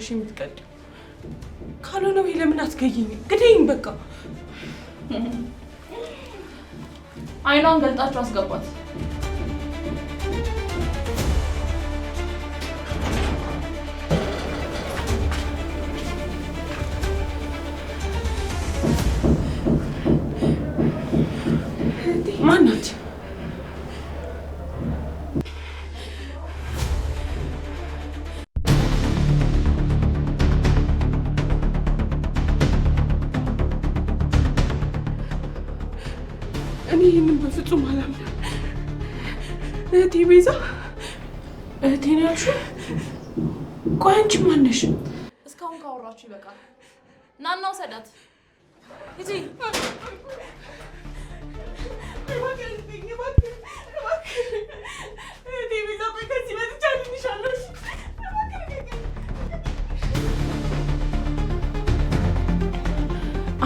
መስሎሽ የምትቀልድ ካልሆነ ወይ ለምን አትገይኝ? ግደይኝ በቃ። አይኗን ገልጣችሁ አስገባት። ይህንን በፍጹም አላምንም። እህቴ ቤዛ፣ እህቴ ነው ያልሽው? ቆይ አንቺ እስካሁን ካወራችሁ ይበቃል። ናናው ሰዳት ሂጂ።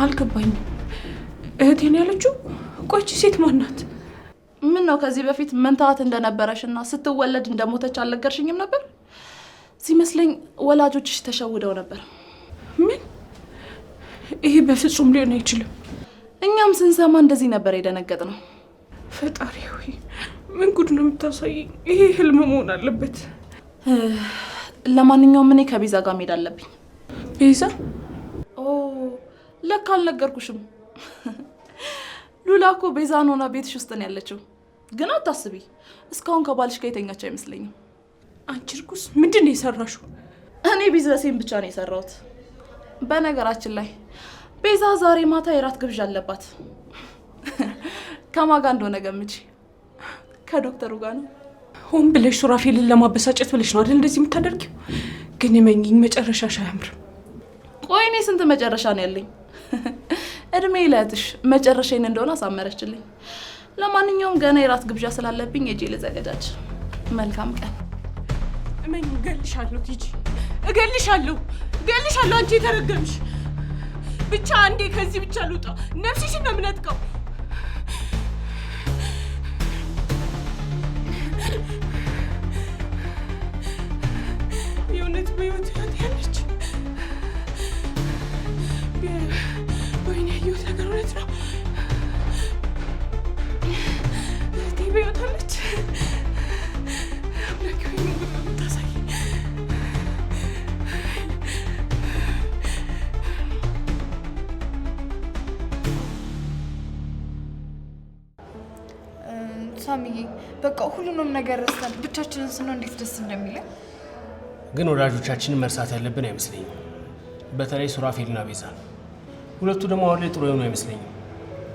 አልገባኝም። ያለችው? ቆይቺ ሴት ማናት? ምን ነው ከዚህ በፊት መንታት እንደነበረሽ እና ስትወለድ እንደሞተች አልነገርሽኝም ነበር? ሲመስለኝ ወላጆችሽ ተሸውደው ነበር። ምን? ይሄ በፍጹም ሊሆን አይችልም። እኛም ስንሰማ እንደዚህ ነበር የደነገጥ ነው። ፈጣሪ ሆይ ምን ጉድ ነው የምታሳየኝ? ይሄ ህልም መሆን አለበት። ለማንኛውም እኔ ከቤዛ ጋር መሄድ አለብኝ። ቤዛ? ኦ ለካ አልነገርኩሽም። ሉላ እኮ ቤዛን ሆና ቤትሽ ውስጥ ነው ያለችው። ግን አታስቢ፣ እስካሁን ከባልሽ ጋር የተኛች አይመስለኝም። አንቺ እርጉስ፣ ምንድን ነው የሰራሽው? እኔ ቢዝነሴን ብቻ ነው የሰራሁት። በነገራችን ላይ ቤዛ ዛሬ ማታ የራት ግብዣ አለባት። ከማጋ እንደሆነ ገምቼ። ከዶክተሩ ጋር ነው። ሆን ብለሽ ሱራፌልን ለማበሳጨት ብለሽ ነው አይደል እንደዚህ የምታደርጊው? ግን የመኝኝ መጨረሻሽ አያምርም። ቆይ እኔ ስንት መጨረሻ ነው ያለኝ? እድሜ ለእህትሽ መጨረሻዬን እንደሆነ አሳመረችልኝ። ለማንኛውም ገና የራት ግብዣ ስላለብኝ እጄ ልዘገጃች። መልካም ቀን። እመኝ እገልሻለሁ፣ ቲጂ እገልሻለሁ፣ እገልሻለሁ። አንቺ የተረገምሽ ብቻ አንዴ ከዚህ ብቻ ልውጣ። ነፍስሽን ነው የምነጥቀው። የእውነት በህይወት ያት ነገር እውነት ነው። ቲቪ ወታለች። ሳሚዬ በቃ ሁሉንም ነገር ረስተን ብቻችንን ስንሆን እንዴት ደስ እንደሚለን። ግን ወዳጆቻችንን መርሳት ያለብን አይመስለኝም። በተለይ ሱራፌልና ቤዛ ነው ሁለቱ ደግሞ አሁን ላይ ጥሩ የሆኑ አይመስለኝም።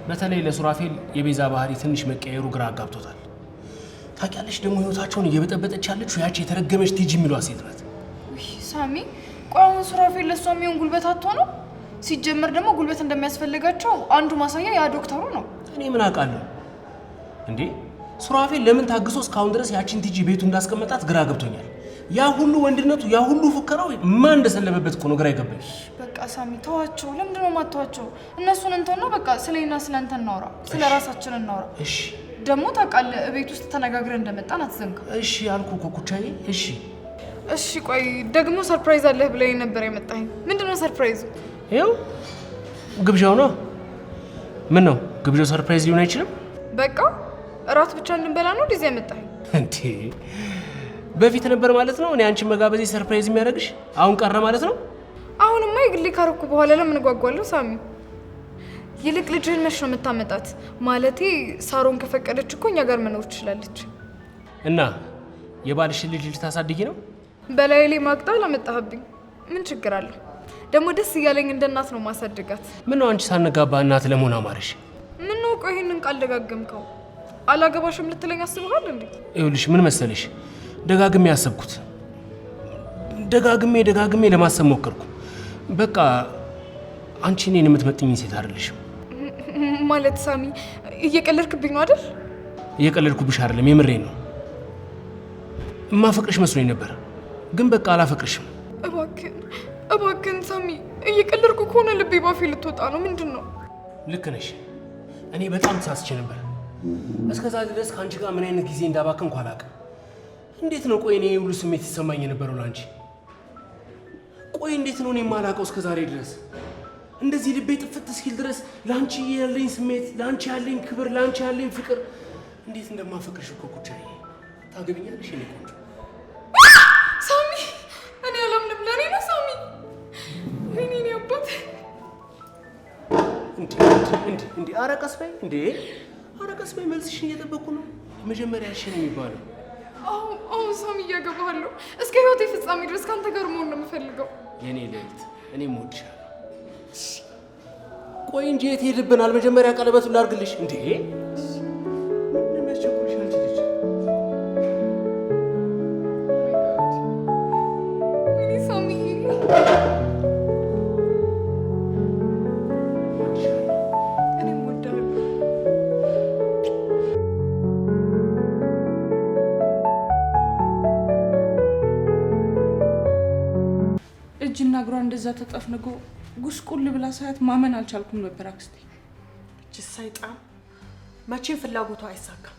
በተለይ ለሱራፌል የቤዛ ባህሪ ትንሽ መቀየሩ ግራ አጋብቶታል። ታውቂያለሽ ደግሞ ህይወታቸውን እየበጠበጠች ያለችው ያቺ የተረገመች ቲጂ የሚሏት ሴት ናት። ሳሚ ቆይ ሱራፌል ለእሷ የሚሆን ጉልበት አጥቶ ነው? ሲጀመር ደግሞ ጉልበት እንደሚያስፈልጋቸው አንዱ ማሳያ ያ ዶክተሩ ነው። እኔ ምን አውቃለሁ እንዴ ሱራፌል ለምን ታግሶ እስካሁን ድረስ ያቺን ቲጂ ቤቱ እንዳስቀመጣት ግራ ገብቶኛል። ያ ሁሉ ወንድነቱ ያ ሁሉ ፉከራው ማን እንደሰለበበት እኮ ነው ግራ አይገባኝ። በቃ ሳሚ ተዋቸው። ለምንድን ነው ማተዋቸው? እነሱን እንተውና በቃ ስለኔና ስለአንተ እናውራ፣ ስለ ራሳችን እናውራ። እሺ ደግሞ ታውቃለህ ቤት ውስጥ ተነጋግረን እንደመጣን አትዘንጋ። እሺ አልኩ እኮ ኩቻዬ። እሺ እሺ ቆይ ደግሞ ሰርፕራይዝ አለህ ብለህ ነበር የመጣኝ። ምንድን ነው ሰርፕራይዙ? ይኸው ግብዣው ነው። ምን ነው ግብዣው ሰርፕራይዝ ሊሆን አይችልም። በቃ እራት ብቻ እንድንበላ ነው ዲዜ ያመጣኸኝ እንዴ? በፊት ነበር ማለት ነው። እኔ አንቺን መጋበዜ ሰርፕራይዝ የሚያደርግሽ አሁን ቀረ ማለት ነው። አሁንማ የግሌ ካረኩ በኋላ ለምን ጓጓለሁ? ሳሚ፣ ይልቅ ልጅህን መች ነው የምታመጣት? ማለቴ ሳሮን ከፈቀደች እኮ እኛ ጋር መኖር ትችላለች። እና የባልሽን ልጅ ልታሳድጊ ነው? በላይ ላይ ማቅጣ ላመጣህብኝ ምን ችግር አለው? ደግሞ ደስ እያለኝ እንደ እናት ነው ማሳድጋት። ነው አንቺ ሳንጋባ እናት ለመሆን አማረሽ? ምነው ቆይ ይህንን ቃል ደጋገምከው? አላገባሽም ልትለኝ አስበሃል እንዴ? ይኸውልሽ ምን መሰለሽ ደጋግሜ ያሰብኩት ደጋግሜ ደጋግሜ ለማሰብ ሞከርኩ። በቃ አንቺ እኔን የምትመጥኝ ሴት አይደለሽም። ማለት ሳሚ፣ እየቀለድክብኝ ነው አይደል? እየቀለድኩብሽ አይደለም፣ የምሬ ነው። እማፈቅርሽ መስሎኝ ነበር፣ ግን በቃ አላፈቅርሽም። እባክን እባክን ሳሚ፣ እየቀለድኩ ከሆነ ልቤ ባፌ ልትወጣ ነው። ምንድን ነው? ልክ ነሽ። እኔ በጣም ተሳስቼ ነበር። እስከዛ ድረስ ከአንቺ ጋር ምን አይነት ጊዜ እንዳባከንኩ አላውቅም። እንዴት ነው ቆይ እኔ ሁሉ ስሜት ሲሰማኝ የነበረው ላንቺ? ቆይ እንዴት ነው እኔ የማላውቀው እስከ ዛሬ ድረስ እንደዚህ ልቤ ጥፍት እስኪል ድረስ ላንቺ ያለኝ ስሜት፣ ላንቺ ያለኝ ክብር፣ ላንቺ ያለኝ ፍቅር እንዴት እንደማፈቅርሽ እኮ ጉዳይ። ታገብኛለሽ? እኔ ቆንጆ ሳሚ፣ እኔ አላምንም። ለእኔ ነው ሳሚ። ወይኔ አባት እንዴ! አረቀስ በይ እንዴ! አረቀስ በይ መልስሽን እየጠበቅኩ ነው። መጀመሪያ ሽን ነው የሚባለው አሁን አሁን ሳሚ እያገባሃለሁ። እስከ ህይወቴ ፍጻሜ ድረስ ከአንተ ጋር መሆን ነው የምፈልገው። የኔ ልዕልት፣ እኔም እወድሻለሁ። ቆይ እንጂ የት ሄድብናል? መጀመሪያ ቀለበቱን ላድርግልሽ እንዴ ሳሚ እንደዛ ተጠፍንጎ ጉስቁል ብላ ሳያት ማመን አልቻልኩም ነበር። አክስቴ እች ሰይጣን መቼም ፍላጎቷ አይሳካም።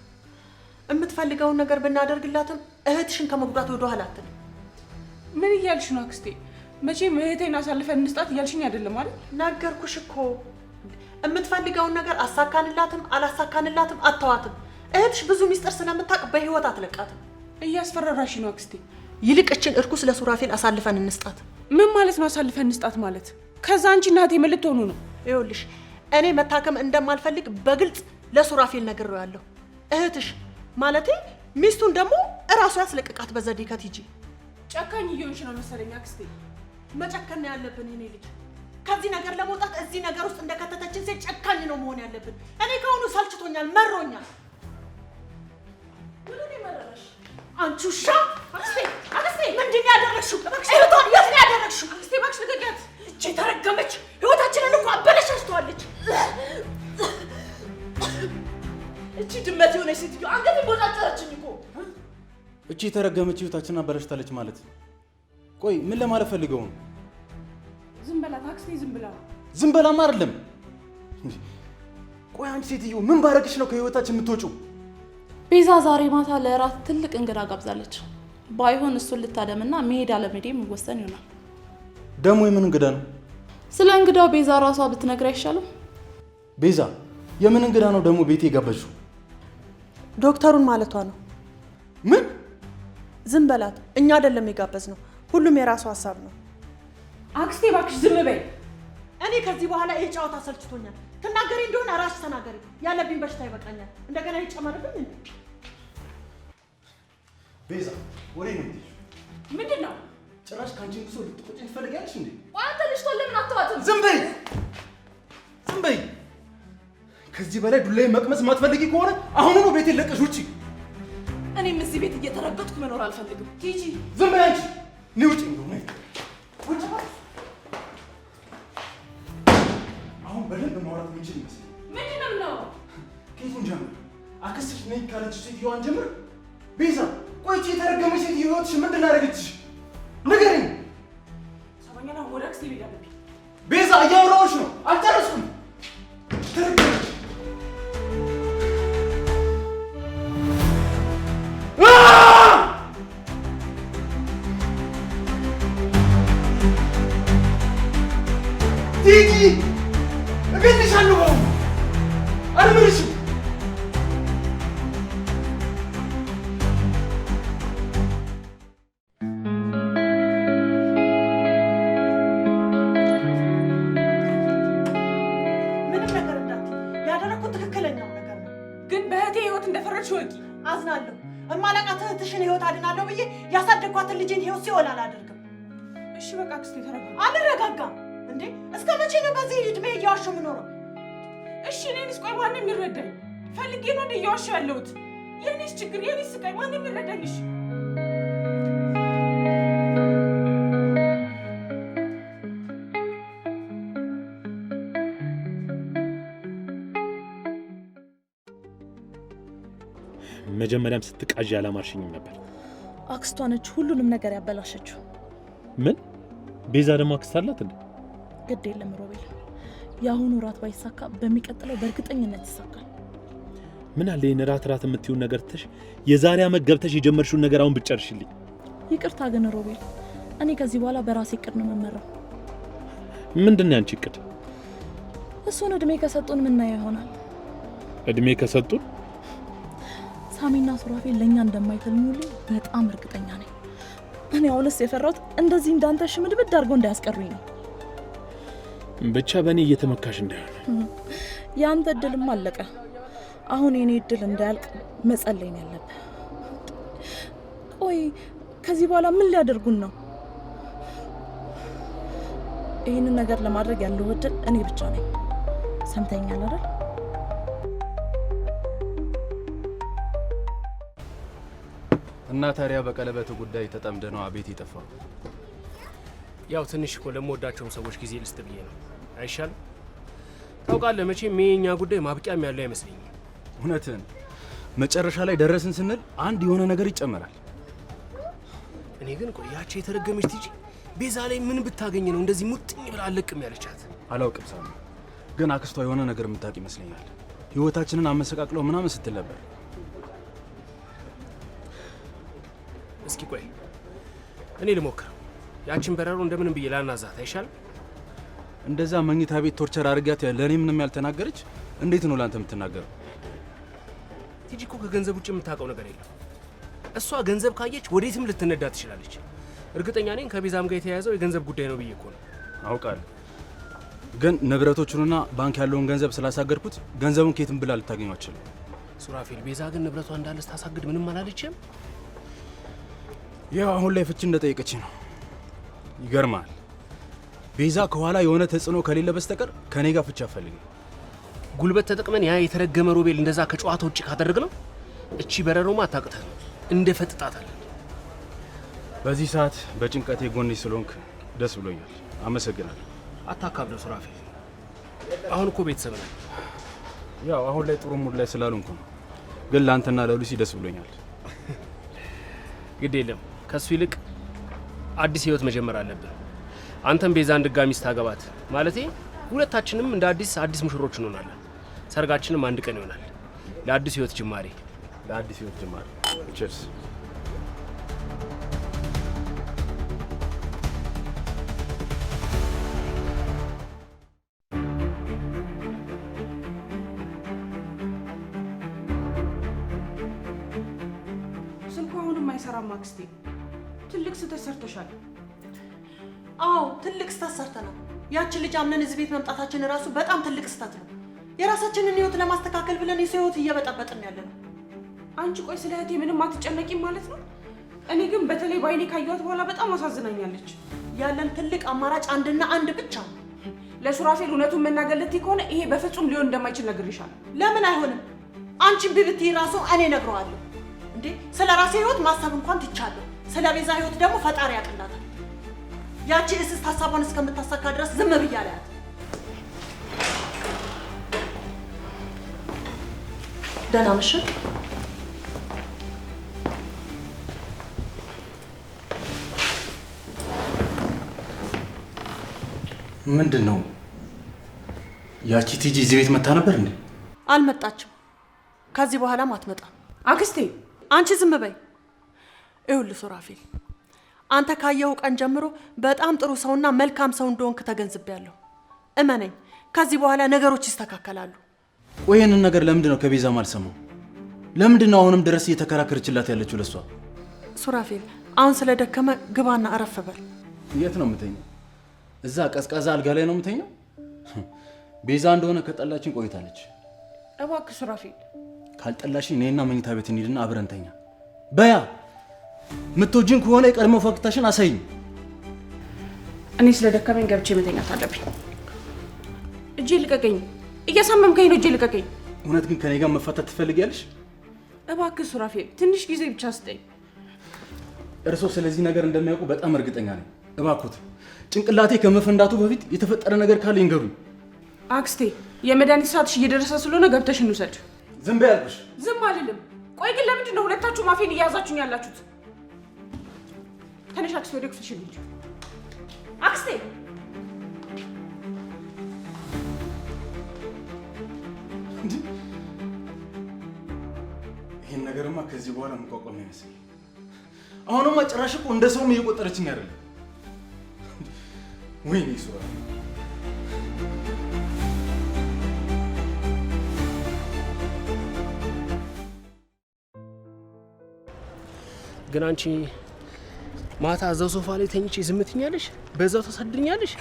የምትፈልገውን ነገር ብናደርግላትም እህትሽን ከመጉዳት ወደ ኋላ አትልም። ምን እያልሽ ነው አክስቴ? መቼም እህቴን አሳልፈን እንስጣት እያልሽኝ አይደለም አይደል? ነገርኩሽ እኮ የምትፈልገውን ነገር አሳካንላትም አላሳካንላትም አተዋትም። እህትሽ ብዙ ሚስጥር ስለምታውቅ በህይወት አትለቃትም። እያስፈራራሽ ነው አክስቴ። ይልቅ እችን እርኩስ ለሱራፌል አሳልፈን እንስጣት። ምን ማለት ነው? አሳልፈን እንስጣት ማለት ከዛ አንቺ እናቴ ምን ልትሆኑ ነው? ይኸውልሽ እኔ መታከም እንደማልፈልግ በግልጽ ለሱራፌል ነግሬዋለሁ። እህትሽ ማለቴ ሚስቱን ደግሞ እራሱ ያስለቅቃት በዘዴ ከቲጂ። ጨካኝ እየሆንሽ ነው መሰለኝ አክስቴ። መጨከን ነው ያለብን የኔ ልጅ። ከዚህ ነገር ለመውጣት እዚህ ነገር ውስጥ እንደከተተችን ሴት ጨካኝ ነው መሆን ያለብን። እኔ ከአሁኑ ሰልችቶኛል፣ መሮኛል። ምኑን የመረረሽ አንቺ ውሻ! አክስቴ አክስቴ፣ ምንድን ነው ያደረግሽው? ህይወቷን የት ነው ያደረግሽው? አክስቴ እባክሽ ንገሪያት። እቺ የተረገመች ህይወታችንን እኮ አበለሻሽተዋለች። እቺ ድመት የሆነች ሴትዮ አንገት ቦጫጨረችኝ እኮ። እቺ የተረገመች ህይወታችንን አበለሽታለች ማለት ቆይ፣ ምን ለማለት ፈልገው ነው? ዝም በላት አክስቴ፣ ዝም ብላ ዝም በላማ አይደለም። ቆይ አንቺ ሴትዮ ምን ባረግሽ ነው ከህይወታችን የምትወጪው? ቤዛ ዛሬ ማታ ለእራት ትልቅ እንግዳ ጋብዛለች። ባይሆን እሱን ልታደምና መሄድ አለመሄድ የሚወሰን ይሆናል። ደግሞ የምን እንግዳ ነው? ስለ እንግዳው ቤዛ ራሷ ብትነግር አይሻልም? ቤዛ የምን እንግዳ ነው ደግሞ ቤቴ የጋበዝሽው? ዶክተሩን ማለቷ ነው። ምን? ዝም በላት። እኛ አይደለም የጋበዝ ነው። ሁሉም የራሱ ሀሳብ ነው። አክስቴ እባክሽ ዝም በይ። እኔ ከዚህ በኋላ ይህ ጨዋታ ሰልችቶኛል። ትናገሪ እንደሆነ ራስሽ ተናገሪ። ያለብኝ በሽታ ይበቃኛል። እንደገና ይጨመርብኝ እንዴ? ቤዛ ወሬ ነው እንዴ? ምንድን ነው ጭራሽ ካንቺ ብሶ ልትቆጪኝ ትፈልጊያለሽ እንዴ? አንተ ልጅቷ ለምን አትባትም? ዝም በይ፣ ዝም በይ። ከዚህ በላይ ዱላዬ መቅመስ ማትፈልጊ ከሆነ ነው ቤቴን ለቀሽ ውጪ። እኔም እዚህ ቤት እየተረገጥኩ መኖር አልፈልግም። ሂጂ። ዝም በይ አንቺ። ነይ ውጪ ነው ነይ አሁን በደንብ ማውራት የምንችል ይመስላል። ምንድን ነው? ከየቱን ጀምር? አክስትሽ ነይ ካለችው ሴትዮዋን ጀምር። ቤዛ ቆይቼ የተረገመች ሴትዮ ህይወትሽ ምንድን አደረገችሽ? ንገሪኝ። ሰበኛ ወደ አክስቴ ቤዛ እያወራሁሽ ነው እሺ እኔንስ ቆይ ማን የሚረዳኝ? ፈልጌ ነው እየዋሻ ያለሁት? የኔስ ችግር የኔስ ስቃይ ማን የሚረዳኝ? እሺ መጀመሪያም ስትቃዥ ያላማርሽኝም ነበር። አክስቷ ነች ሁሉንም ነገር ያበላሸችው። ምን ቤዛ ደግሞ አክስት አላት እንዴ? ግድ የለም ሮቤል የአሁኑ ራት ባይሳካ በሚቀጥለው በእርግጠኝነት ይሳካል። ምን አለ ይህን ራት ራት የምትይውን ነገር ትተሽ የዛሬ ዓመት ገብተሽ የጀመርሽውን ነገር አሁን ብትጨርሽልኝ። ይቅርታ ግን ሮቤል፣ እኔ ከዚህ በኋላ በራሴ እቅድ ነው የምመራው። ምንድን ነው ያንቺ እቅድ? እሱን እድሜ ከሰጡን ምናየው ይሆናል። እድሜ ከሰጡን ሳሚና ሱራፌል ለእኛ እንደማይተልሙልኝ በጣም እርግጠኛ ነኝ። እኔ አሁንስ የፈራሁት እንደዚህ እንዳንተ ሽምድምድ አድርገው እንዳያስቀሩኝ ነው። ብቻ በእኔ እየተመካሽ እንዳይሆን። የአንተ እድልም አለቀ። አሁን የኔ እድል እንዳያልቅ መጸለይን ያለብ። ያለብህ። ቆይ ከዚህ በኋላ ምን ሊያደርጉን ነው? ይህንን ነገር ለማድረግ ያለው እድል እኔ ብቻ ነኝ። ሰምተኛል አይደል? እና ታዲያ በቀለበት ጉዳይ ተጠምደ ነው አቤት የጠፋው? ያው ትንሽ እኮ ለምወዳቸውም ሰዎች ጊዜ ልስጥ ብዬ ነው። አይሻልም? ታውቃለህ፣ መቼም ይሄ ጉዳይ ማብቂያም ያለው አይመስለኝም። እውነትን መጨረሻ ላይ ደረስን ስንል አንድ የሆነ ነገር ይጨመራል። እኔ ግን ቆይ ያቺ የተረገመች ትጂ ቤዛ ላይ ምን ብታገኝ ነው እንደዚህ ሙጥኝ ብላ አለቅም ያለቻት? አላውቅም ሳሚ፣ ግን አክስቷ የሆነ ነገር የምታውቅ ይመስለኛል። ህይወታችንን አመሰቃቅለው ምናምን ስትል ነበር። እስኪ ቆይ እኔ ልሞክር ያችን በረሮ እንደምንም ብዬ ላናዛት አይሻልም? እንደዛ መኝታ ቤት ቶርቸር አድርጊያት ለእኔ ምንም ያልተናገረች እንዴት ነው ለአንተ የምትናገረው? ቲጂ እኮ ከገንዘብ ውጭ የምታውቀው ነገር የለም። እሷ ገንዘብ ካየች ወዴትም ልትነዳ ትችላለች። እርግጠኛ ነኝ ከቤዛም ጋር የተያያዘው የገንዘብ ጉዳይ ነው ብዬ እኮ ነው። አውቃለሁ፣ ግን ንብረቶቹንና ባንክ ያለውን ገንዘብ ስላሳገድኩት ገንዘቡን ከየትም ብላ ልታገኙ አትችልም። ሱራፌል፣ ቤዛ ግን ንብረቷ እንዳለ ስታሳግድ ምንም አላለችም። ያው አሁን ላይ ፍቺ እንደጠየቀች ነው ይገርማል። ቤዛ ከኋላ የሆነ ተጽዕኖ ከሌለ በስተቀር ከኔ ጋር ፍቻ ፈልግ። ጉልበት ተጠቅመን ያ የተረገመ ሮቤል እንደዛ ከጨዋታ ውጭ ነው። እቺ በረሮማ አታቅተህ እንደ ፈጥጣታል። በዚህ ሰዓት በጭንቀቴ ጎኔ ስለሆንክ ደስ ብሎኛል። አመሰግናለሁ። አታካብደው ሱራፌ። አሁን እኮ ቤተሰብ ነን። ያው አሁን ላይ ጥሩ ሙድ ላይ ስላልሆንኩ ነው፣ ግን ለአንተና ለሉሲ ደስ ብሎኛል። ግድ የለም ከእሱ ይልቅ አዲስ ህይወት መጀመር አለብን። አንተም ቤዛን ድጋሚ ስታገባት ማለቴ ሁለታችንም እንደ አዲስ አዲስ ሙሽሮች እንሆናለን። ሰርጋችንም አንድ ቀን ይሆናል። ለአዲስ ህይወት ጅማሬ፣ ለአዲስ ህይወት ጅማሬ። ቼርስ ይኖርብሻል። አዎ ትልቅ ስህተት ሰርተናል። ያችን ልጅ አምነን እዚህ ቤት መምጣታችን እራሱ በጣም ትልቅ ስህተት ነው። የራሳችንን ህይወት ለማስተካከል ብለን የሰው ህይወት እየበጠበጥን ያለ ነው። አንቺ ቆይ ስለ እህቴ ምንም አትጨነቂም ማለት ነው? እኔ ግን በተለይ በአይኔ ካየኋት በኋላ በጣም አሳዝናኛለች። ያለን ትልቅ አማራጭ አንድና አንድ ብቻ ነው። ለሱራፌል እውነቱን መናገር ልትይ ከሆነ ይሄ በፍጹም ሊሆን እንደማይችል ነግሬሻለሁ። ለምን አይሆንም? አንቺ ብብትይ ራሱ እኔ ነግረዋለሁ። እንዴ ስለ ራሴ ህይወት ማሰብ እንኳን ትቻለሁ። ስለ ቤዛ ህይወት ደግሞ ፈጣሪ ያቅላታል። ያቺ እስስት ሀሳቧን እስከምታሳካ ድረስ ዝም ብያለያት። ደህና ነሽ? ምንድን ነው? ያቺ ቲጂ እዚህ ቤት መታ ነበር እንዴ? አልመጣችም። ከዚህ በኋላም አትመጣም። አክስቴ አንቺ ዝም በይ። ይኸውልህ ሱራፌል፣ አንተ ካየው ቀን ጀምሮ በጣም ጥሩ ሰውና መልካም ሰው እንደሆንክ ተገንዝቤያለሁ። እመነኝ፣ ከዚህ በኋላ ነገሮች ይስተካከላሉ። ቆይ ይህንን ነገር ለምንድን ነው ከቤዛ ማልሰማው? ለምንድን ነው አሁንም ድረስ እየተከራከረችላት ያለችው ለሷ? ሱራፌል፣ አሁን ስለደከመ ግባና አረፍ በል። የት ነው የምተኛው? እዛ ቀዝቃዛ አልጋ ላይ ነው የምተኛው? ቤዛ እንደሆነ ከጠላችን ቆይታለች። እባክህ ሱራፌል፣ ካልጠላሽኝ እኔና መኝታ ቤት እንሂድና አብረን ተኛ በያ ምትወጂን ከሆነ የቀድሞ ፈገግታሽን አሳይኝ። እኔ ስለደከመኝ ገብቼ መተኛት አለብኝ። እጄ ልቀቀኝ! እያሳመምከኝ ነው። እጄ ልቀቀኝ! እውነት ግን ከኔ ጋር መፈታት ትፈልጊያለሽ? እባክህ ሱራፌል፣ ትንሽ ጊዜ ብቻ ስጠኝ። እርሶ ስለዚህ ነገር እንደሚያውቁ በጣም እርግጠኛ ነኝ። እባክዎት ጭንቅላቴ ከመፈንዳቱ በፊት የተፈጠረ ነገር ካለ ይንገሩኝ። አክስቴ፣ የመድኃኒት ሰዓትሽ እየደረሰ ስለሆነ ገብተሽ እንውሰድ። ዝም በይ አልኩሽ። ዝም አልልም። ቆይ ግን ለምንድን ነው ሁለታችሁ አፌን ያላችሁት? ተነሽ አክስቴ፣ ወደ ክፍልሽ እንሂድ። አክስቴ ይህን ነገርማ ከዚህ በኋላ መቋቋም አይመስለኝም። አሁንማ ጭራሽ እኮ እንደ ሰውም እየቆጠረችኝ አይደለም። ወይኔ ሱራ ግን አንቺ ማታ እዛው ሶፋ ላይ ተኝቼ ዝም ትኛለሽ? በዛው ታሳድኛለሽ።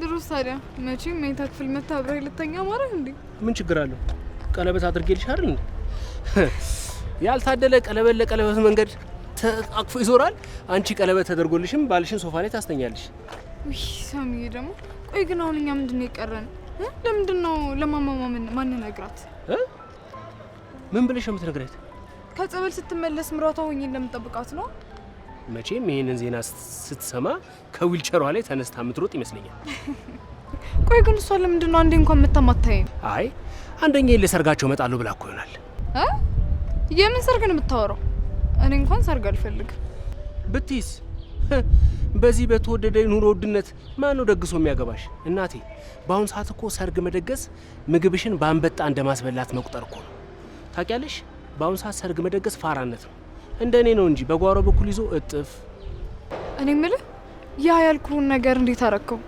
ድሮስ ታዲያ መቼም መኝታ ክፍል መታ አብረህ ልተኛ ማለት እንዴ? ምን ችግር አለው? ቀለበት አድርጌልሽ አይደል እንዴ? ያልታደለ ቀለበት ለቀለበት መንገድ ተቃቅፎ ይዞራል። አንቺ ቀለበት ተደርጎልሽም ባልሽን ሶፋ ላይ ታስተኛለሽ። ውይ ሳሚዬ ደግሞ ቆይ ግን አሁን እኛ ምንድን ነው የቀረን? ለምንድን ነው ለማማማ ማን ነግራት? ምን ብለሽ ነው የምትነግሪያት? ከጸበል ስትመለስ ምራቷ ሆኜ እንደምጠብቃት ነው መቼም ይህንን ዜና ስትሰማ ከዊልቸሯ ላይ ተነስታ የምትሮጥ ይመስለኛል። ቆይ ግን እሷ ለምንድን ነው አንዴ እንኳን የምታማታኝ? አይ አንደኛ ለሰርጋቸው እመጣለሁ ብላ እኮ ይሆናል። የምን ሰርግ ነው የምታወራው? እኔ እንኳን ሰርግ አልፈልግም። ብትይስ በዚህ በተወደደ ኑሮ ውድነት ማን ነው ደግሶ የሚያገባሽ? እናቴ በአሁን ሰዓት እኮ ሰርግ መደገስ ምግብሽን በአንበጣ እንደማስበላት መቁጠር እኮ ነው። ታውቂያለሽ፣ ሰዓት ሰርግ መደገስ ፋራነት ነው። እንደ እኔ ነው እንጂ በጓሮ በኩል ይዞ እጥፍ። እኔ ምልህ ያ ያልኩህን ነገር እንዴት አረከው?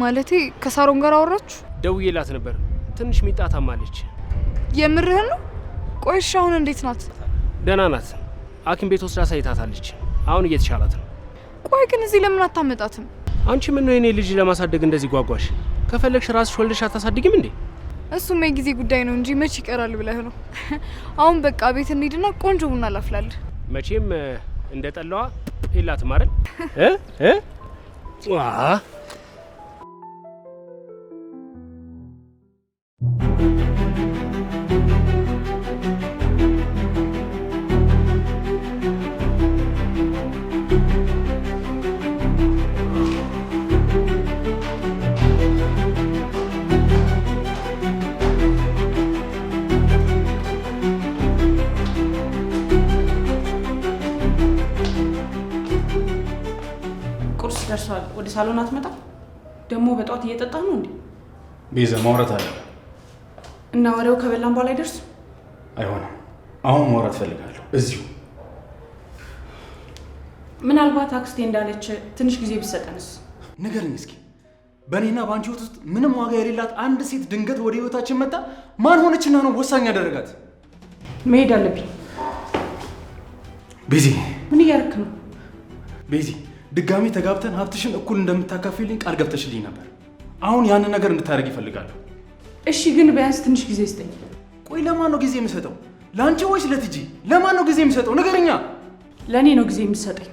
ማለቴ ከሳሮን ጋር አወራችሁ? ደውዬላት ነበር። ትንሽ ሚጣ ታማለች። የምርህን ነው? ቆይሽ አሁን እንዴት ናት? ደህና ናት። ሐኪም ቤት ወስዳ ሳይታታለች። አሁን እየተሻላት ነው። ቆይ ግን እዚህ ለምን አታመጣትም? አንቺ ምን ነው የኔ ልጅ ለማሳደግ እንደዚህ ጓጓሽ? ከፈለግሽ ራስሽ ወልደሽ አታሳድግም እንዴ? እሱም የጊዜ ጉዳይ ነው እንጂ መች ይቀራል ብለህ ነው። አሁን በቃ ቤት እንሂድና ቆንጆ ቡና ላፍላልህ። መቼም እንደ ጠላዋ የላትም አይደል? ቁርስ ደርሷል። ወደ ሳሎን አትመጣም? ደግሞ በጠዋት እየጠጣ ነው እንዴ? ቤዛ ማውራት አለ እና ወሬው ከበላም በኋላ አይደርሱ አይሆንም። አሁን ማውራት ፈልጋለሁ እዚሁ። ምናልባት አክስቴ እንዳለች ትንሽ ጊዜ ብሰጠንስ? ንገርኝ እስኪ በእኔና በአንቺ ህይወት ውስጥ ምንም ዋጋ የሌላት አንድ ሴት ድንገት ወደ ህይወታችን መጣ። ማን ሆነችና ነው ወሳኝ ያደረጋት? መሄድ አለብኝ። ቤዚ ምን እያደረክ ነው? ቤዚ ድጋሚ ተጋብተን ሀብትሽን እኩል እንደምታካፊልኝ ቃል ገብተሽልኝ ነበር። አሁን ያንን ነገር እንድታደርግ ይፈልጋሉ። እሺ፣ ግን ቢያንስ ትንሽ ጊዜ ስጠኝ። ቆይ ለማን ነው ጊዜ የምሰጠው? ለአንቺ ወይስ ለትጂ? ለማን ነው ጊዜ የምሰጠው? ነገርኛ ለእኔ ነው ጊዜ የምሰጠኝ።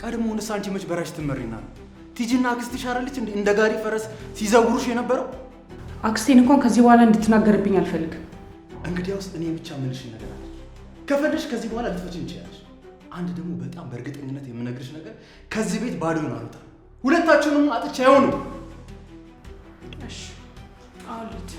ቀድሞውንስ አንቺ መች በራሽ ትመሪና ነው? ቲጂና አክስትሽ አይደለች እንደ ጋሪ ፈረስ ሲዘውሩሽ የነበረው? አክስቴን እንኳን ከዚህ በኋላ እንድትናገርብኝ አልፈልግም። እንግዲያውስ እኔ ብቻ ምልሽ ነገር አለ። ከፈለሽ ከዚህ በኋላ ልትፈች እንችላለሽ። አንድ ደግሞ በጣም በእርግጠኝነት የምነግርሽ ነገር ከዚህ ቤት ባዶን አልወጣ። ሁለታችሁንም አጥቼ አይሆንም። እሺ አሉት።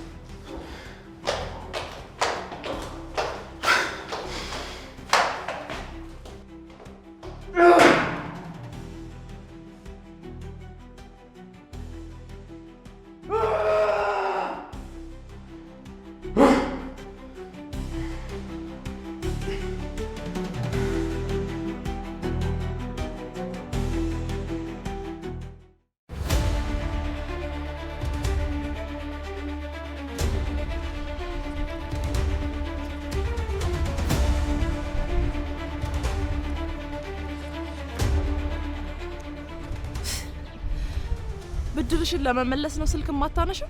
ብድርሽን ለመመለስ ነው ስልክ ማታነሽው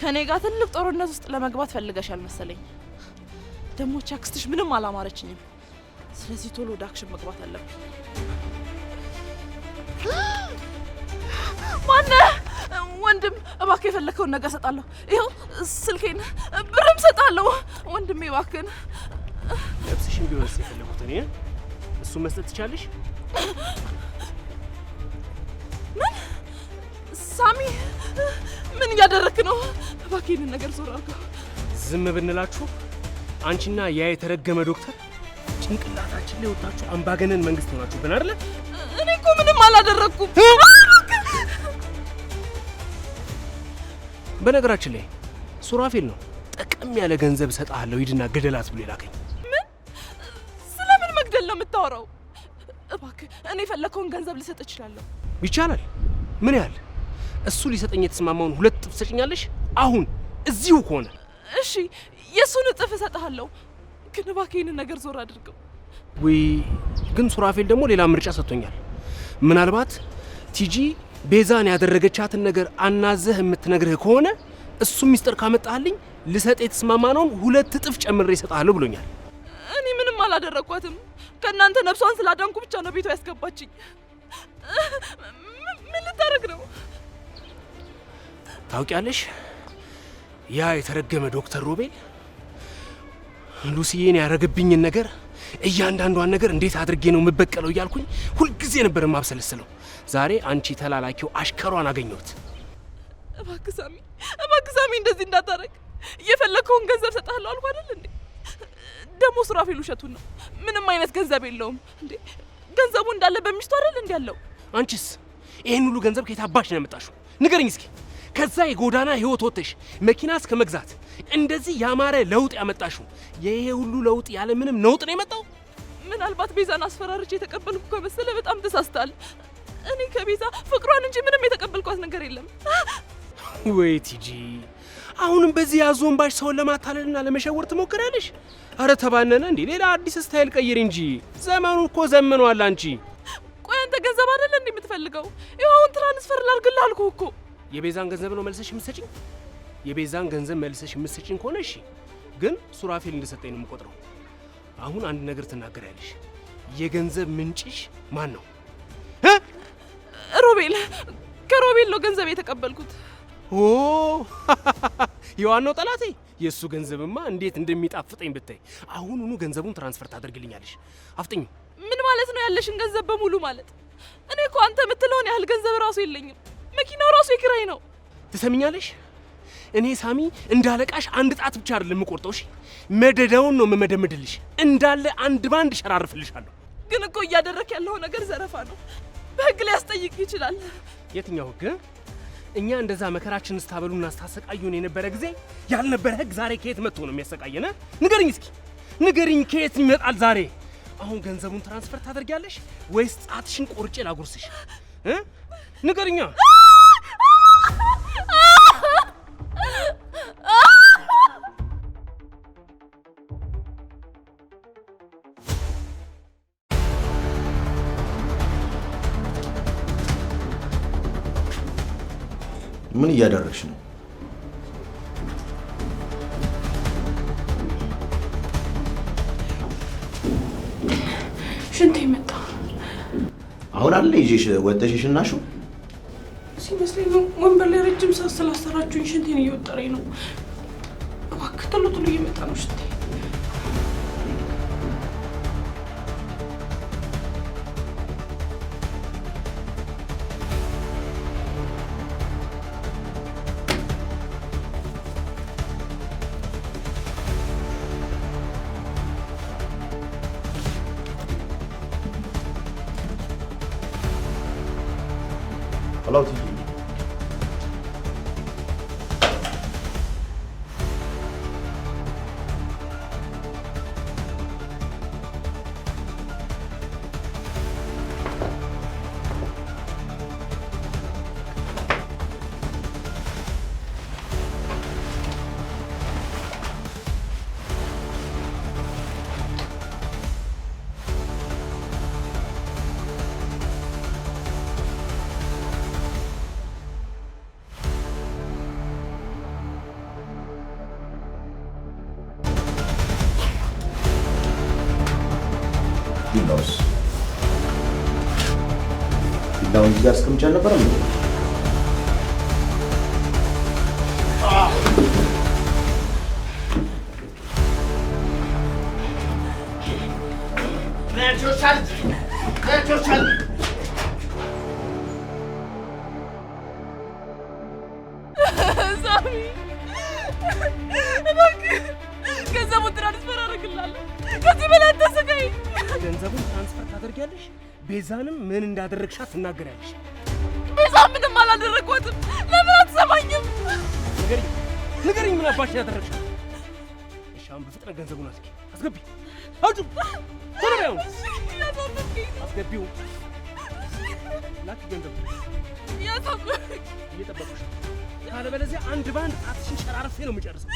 ከኔ ጋር ትልቅ ጦርነት ውስጥ ለመግባት ፈልገሽ አልመሰለኝ። ደግሞ አክስትሽ ምንም አላማረችኝም። ስለዚህ ቶሎ ወደ አክሽን መግባት አለብኝ። ማነ ወንድም፣ እባክህ የፈለግከውን ነገር ሰጣለሁ። ይኸው ስልኬን ብርም ሰጣለሁ። ወንድሜ እባክህን ልብስሽን ቢሆንስ የፈለኩትን እሱ መስጠት ትቻለሽ። ሳሚ ምን እያደረክ ነው? እባክህን ነገር ዞር ዝም ብንላችሁ አንቺና ያ የተረገመ ዶክተር ጭንቅላታችን ላይ ወጣችሁ አምባገነን መንግስት ብን አይደለ? እኔ እኮ ምንም አላደረግኩም። በነገራችን ላይ ሱራፌል ነው ጠቀም ያለ ገንዘብ እሰጥሃለሁ ሂድና ገደላት ብሎ የላከኝ። ምን? ስለምን መግደል ነው የምታወራው? እባክህ እኔ የፈለግከውን ገንዘብ ልሰጥ እችላለሁ። ይቻላል። ምን ያህል እሱ ሊሰጠኝ የተስማማውን ሁለት እጥፍ ትሰጭኛለሽ? አሁን እዚሁ ከሆነ እሺ፣ የእሱን እጥፍ እሰጥሃለሁ። ግን እባክህ ይህንን ነገር ዞር አድርገው። ወይ ግን ሱራፌል ደግሞ ሌላ ምርጫ ሰጥቶኛል። ምናልባት ቲጂ ቤዛን ያደረገቻትን ነገር አናዘህ የምትነግርህ ከሆነ እሱ ሚስጥር ካመጣልኝ ልሰጥ የተስማማነውን ሁለት እጥፍ ጨምሬ እሰጥሃለሁ ብሎኛል። እኔ ምንም አላደረግኳትም። ከእናንተ ነፍሷን ስላዳንኩ ብቻ ነው ቤቷ ያስገባችኝ። ምን ልታደርግ ነው? ታውቂያለሽ፣ ያ የተረገመ ዶክተር ሮቤል ሉሲዬን ያረገብኝን ነገር እያንዳንዷን ነገር እንዴት አድርጌ ነው የምበቀለው እያልኩኝ ሁልጊዜ ነበር የማብሰለስለው። ዛሬ አንቺ ተላላኪው አሽከሯን አገኘሁት። እባክህ ሳሚ፣ እባክህ ሳሚ እንደዚህ እንዳታረግ። እየፈለግከውን ገንዘብ ሰጣለሁ አልኩ አይደል እንዴ? ደግሞ ሱራፌል ውሸቱን ነው። ምንም አይነት ገንዘብ የለውም እንዴ? ገንዘቡ እንዳለ በሚስቱ አይደል እንዲ ያለው። አንቺስ ይህን ሁሉ ገንዘብ ከየት አባሽ ነው ያመጣሽው? ንገርኝ እስኪ። ከዛ የጎዳና ህይወት ወጥተሽ መኪና እስከ መግዛት እንደዚህ ያማረ ለውጥ ያመጣሽው ይሄ ሁሉ ለውጥ ያለ ምንም ነውጥ ነው የመጣው? ምናልባት ቤዛን አስፈራርቼ የተቀበልኩ ከመሰለ በጣም ተሳስታል። እኔ ከቤዛ ፍቅሯን እንጂ ምንም የተቀበልኳት ነገር የለም። ወይ ቲጂ፣ አሁንም በዚህ ያዞን ባሽ ሰውን ለማታለልና ለመሸወር ትሞክራለሽ? አረ ተባነነ እንዴ! ሌላ አዲስ ስታይል ቀይር እንጂ ዘመኑ እኮ ዘምኗል። አንቺ ቆይ፣ አንተ ገንዘብ አይደለ እንዴ የምትፈልገው? ይኸው አሁን ትራንስፈር ላድርግልህ አልኩህ እኮ የቤዛን ገንዘብ ነው መልሰሽ የምትሰጭኝ? የቤዛን ገንዘብ መልሰሽ የምትሰጭኝ ከሆነ እሺ፣ ግን ሱራፌል እንደሰጠኝ ነው የምቆጥረው። አሁን አንድ ነገር ትናገሪያለሽ። የገንዘብ ምንጭሽ ማን ነው? ሮቤል። ከሮቤል ነው ገንዘብ የተቀበልኩት። ኦ የዋናው ጠላቴ የእሱ ገንዘብማ እንዴት እንደሚጣፍጠኝ ብታይ። አሁኑኑ ገንዘቡን ትራንስፈር ታደርግልኛለሽ። አፍጥኝ። ምን ማለት ነው? ያለሽን ገንዘብ በሙሉ ማለት? እኔ እኮ አንተ የምትለውን ያህል ገንዘብ እራሱ የለኝም። መኪናው ራሱ የኪራይ ነው። ትሰሚኛለሽ? እኔ ሳሚ እንዳለቃሽ አንድ ጣት ብቻ አይደለም የምቆርጠው። እሺ መደዳውን ነው የምመደምድልሽ፣ እንዳለ አንድ ባንድ እሸራርፍልሻለሁ። ግን እኮ እያደረክ ያለው ነገር ዘረፋ ነው፣ በህግ ሊያስጠይቅ ይችላል። የትኛው ህግ? እኛ እንደዛ መከራችን ስታበሉና ስታሰቃዩን የነበረ ጊዜ ያልነበረ ህግ ዛሬ ከየት መጥቶ ነው የሚያሰቃየን? ንገርኝ እስኪ ንገርኝ፣ ከየት ይመጣል ዛሬ? አሁን ገንዘቡን ትራንስፈር ታደርጊያለሽ ወይስ ጣትሽን ቆርጬ ላጉርስሽ? ንገርኛ ምን እያደረግሽ ነው? ሽንት የመጣ አሁን አለ ይዤሽ ወተሽ ሽናሹ ሲመስለኝ ነው። ወንበር ላይ ረጅም ሰዓት ስላሰራችሁኝ ሽንቴን እየወጠረኝ ነው። እባክህ ቶሎ ቶሎ እየመጣ ነው ሽንቴ 老几？አልነበረም? ገንዘቡን ትራንስፈር አደርግልሃለሁ። ከዚህ በላይ አታሰቃይ። ገንዘቡን ትራንስፈር ታደርጊያለሽ፣ ቤዛንም ምን እንዳደረግሻት ትናገሪያለሽ። ሰዓት ምንም አላደረግኳትም። ለምን አትሰማኝም? ንገሪኝ፣ ንገሪኝ ምን አባሽ ያደረግሽው? እሺ አሁን በፍጥነት ገንዘቡን አስኪ አስገቢ፣ አውጪ፣ ቶሎ አስገቢው ላኪ ገንዘቡ። እየጠበቁሽ፣ ካለበለዚያ አንድ በአንድ ጣትሽን ሸራርፌ ነው የምጨርሰው።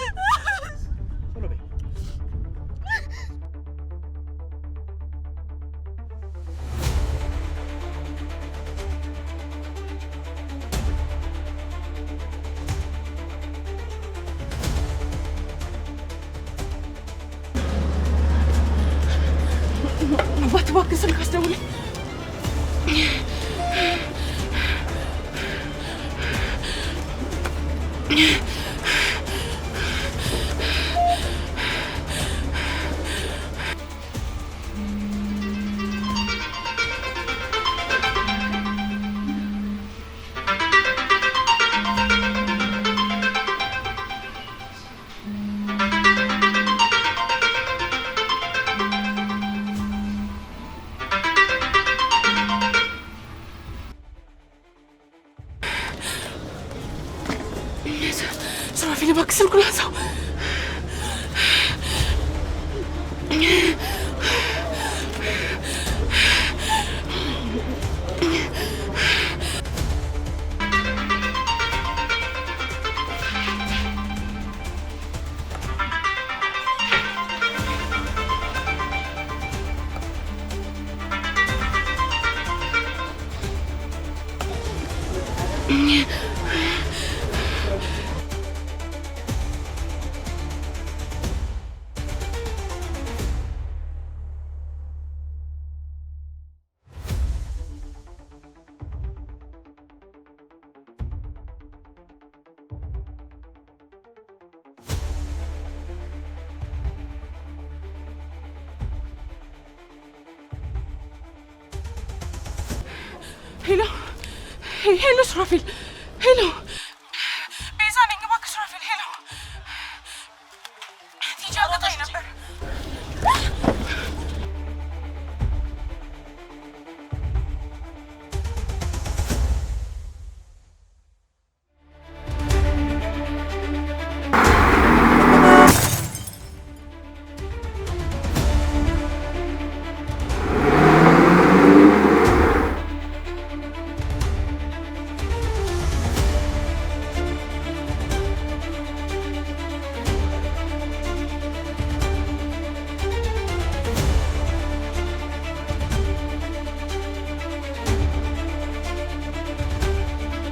Rafine bak sırkulansam. ሄሎ ሄሎ ሱራፌል ሄሎ